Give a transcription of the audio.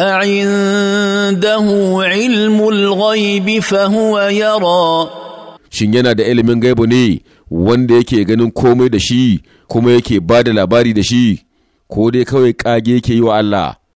أعنده علم الغيب فهو يرى shin yana da ilimin gaibu ne wanda yake ganin komai da shi kuma yake ba da labari da shi ko dai kawai kage yake yi wa Allah